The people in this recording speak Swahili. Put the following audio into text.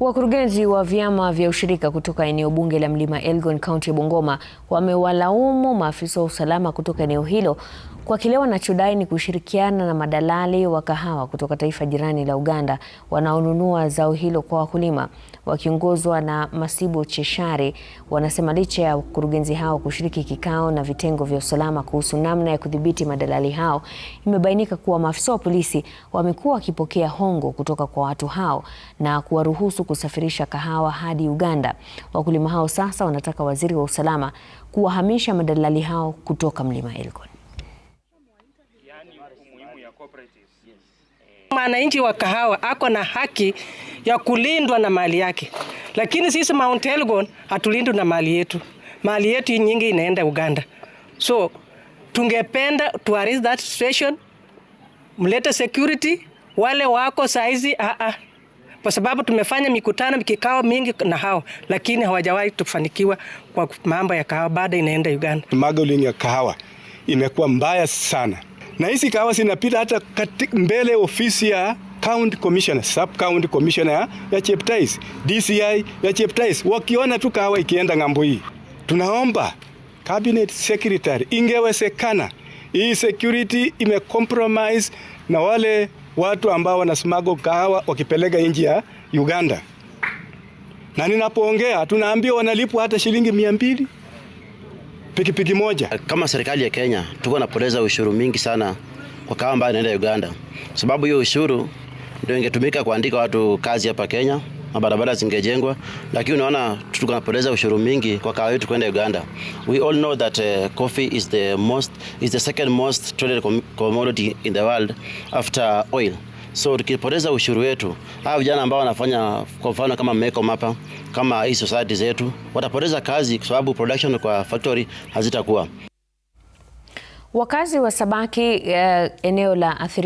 Wakurugenzi wa vyama vya ushirika kutoka eneo bunge la Mlima Elgon kaunti ya Bungoma wamewalaumu maafisa wa usalama kutoka eneo hilo kwa kile wanachodai ni kushirikiana na madalali wa kahawa kutoka taifa jirani la Uganda wanaonunua zao hilo kwa wakulima. Wakiongozwa na Masibo cheshare wanasema licha ya wakurugenzi hao kushiriki kikao na vitengo vya usalama kuhusu namna ya kudhibiti madalali hao, imebainika kuwa maafisa wa polisi wamekuwa wakipokea hongo kutoka kwa watu hao na kuwaruhusu kusafirisha kahawa hadi Uganda. Wakulima hao sasa wanataka waziri wa usalama kuwahamisha madalali hao kutoka mlima Elgon. Mwananchi wa kahawa ako na haki ya kulindwa na mali yake, lakini sisi Mount Elgon hatulindwi na mali yetu. Mali yetu nyingi inaenda Uganda, so tungependa to arrest that situation, mlete security wale wako saizi. A, ah, a ah kwa sababu tumefanya mikutano kikao mingi na hao, lakini hawajawahi kufanikiwa kwa mambo ya kahawa, baada inaenda Uganda. Smuggling ya kahawa imekuwa mbaya sana, na hizi kahawa zinapita hata mbele ofisi ya county commissioner, sub county commissioner ya Cheptais, DCI ya Cheptais, wakiona tu kahawa ikienda ng'ambo hii. Tunaomba cabinet secretary, ingewezekana hii security imecompromise na wale watu ambao wanasimago kahawa wakipeleka nje ya Uganda, na ninapoongea tunaambiwa wanalipwa hata shilingi mia mbili pikipiki moja. Kama serikali ya Kenya tuko napoteza ushuru mingi sana kwa kahawa ambayo inaenda Uganda, sababu hiyo ushuru ndio ingetumika kuandika watu kazi hapa Kenya mabarabara zingejengwa, lakini unaona tukapoteza ushuru mingi kwa kahawa yetu kwenda Uganda. We all know that uh, coffee is the most is the second most traded commodity in the world after oil. So tukipoteza ushuru wetu, hawa vijana ambao wanafanya kwa mfano kama meko mapa kama hii society zetu watapoteza kazi kwa sababu production kwa factory hazitakuwa. Wakazi wa Sabaki uh, eneo la athiri